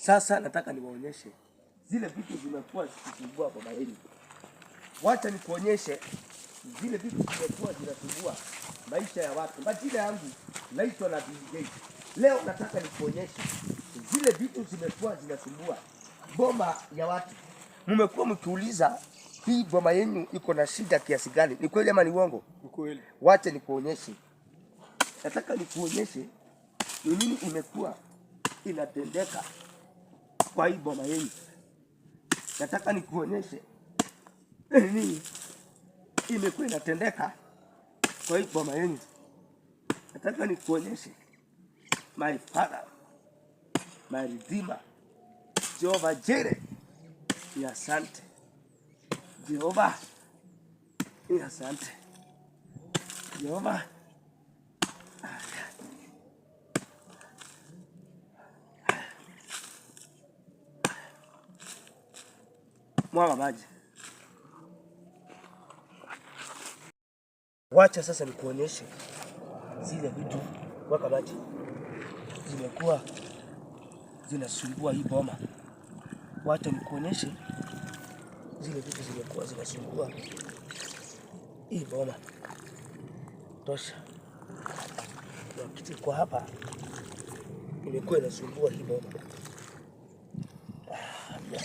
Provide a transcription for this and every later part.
Sasa nataka niwaonyeshe zile vitu zimekuwa zikisumbua yenu Wacha nikuonyeshe zile vitu zimekuwa zinasumbua maisha ya watu. Majina yangu naitwa na Bill Gates. Leo nataka nikuonyeshe zile vitu zimekuwa zinasumbua boma ya watu. Mmekuwa mkiuliza hii boma yenu iko na shida kiasi gani? Ni kweli ama ni uongo? Ni kweli. Wacha nikuonyeshe, nataka nikuonyeshe ni nini imekuwa inatendeka kwa hii boma yenu. Nataka nikuonyeshe nini imekuwa inatendeka kwa hii boma yenu. Nataka nikuonyeshe my father, my redeemer, Jehova Jere, ni asante Jehova, ni asante Jehova Mwaga maji. Wacha sasa nikuonyeshe zile vitu waka maji zimekuwa zinasumbua hii boma. Wacha nikuonyeshe zile vitu zimekuwa zinasumbua hii boma. Tosha. Na kwa hapa imekuwa inasumbua hii boma. Ah, yeah.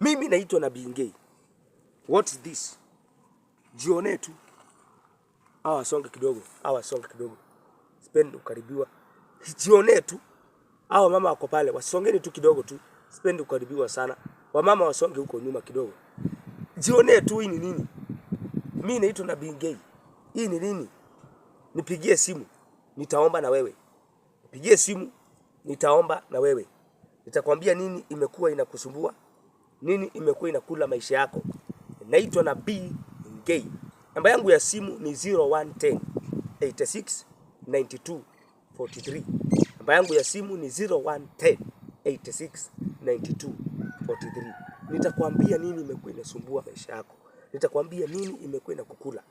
Mimi naitwa na Ngei. What is this? Jione tu. Hawa songe kidogo, hawa songe kidogo. Spend ukaribiwa. Jione tu. Hawa mama wako pale, wasongeni tu kidogo tu. Spend ukaribiwa sana. Wamama wasonge huko nyuma kidogo. Jione tu hii ni nini? Mimi naitwa na Ngei. Hii ni nini? Nipigie simu. Nitaomba na wewe. Nipigie simu. Nitaomba na wewe. Nitakwambia nini imekuwa inakusumbua nini imekuwa inakula maisha yako. Naitwa Nabii Ngei, namba yangu ya simu ni 0110 86 92 43. Namba yangu ya simu ni 0110 86 92 43. Nitakwambia nini imekuwa inasumbua maisha yako, nitakwambia nini imekuwa inakukula.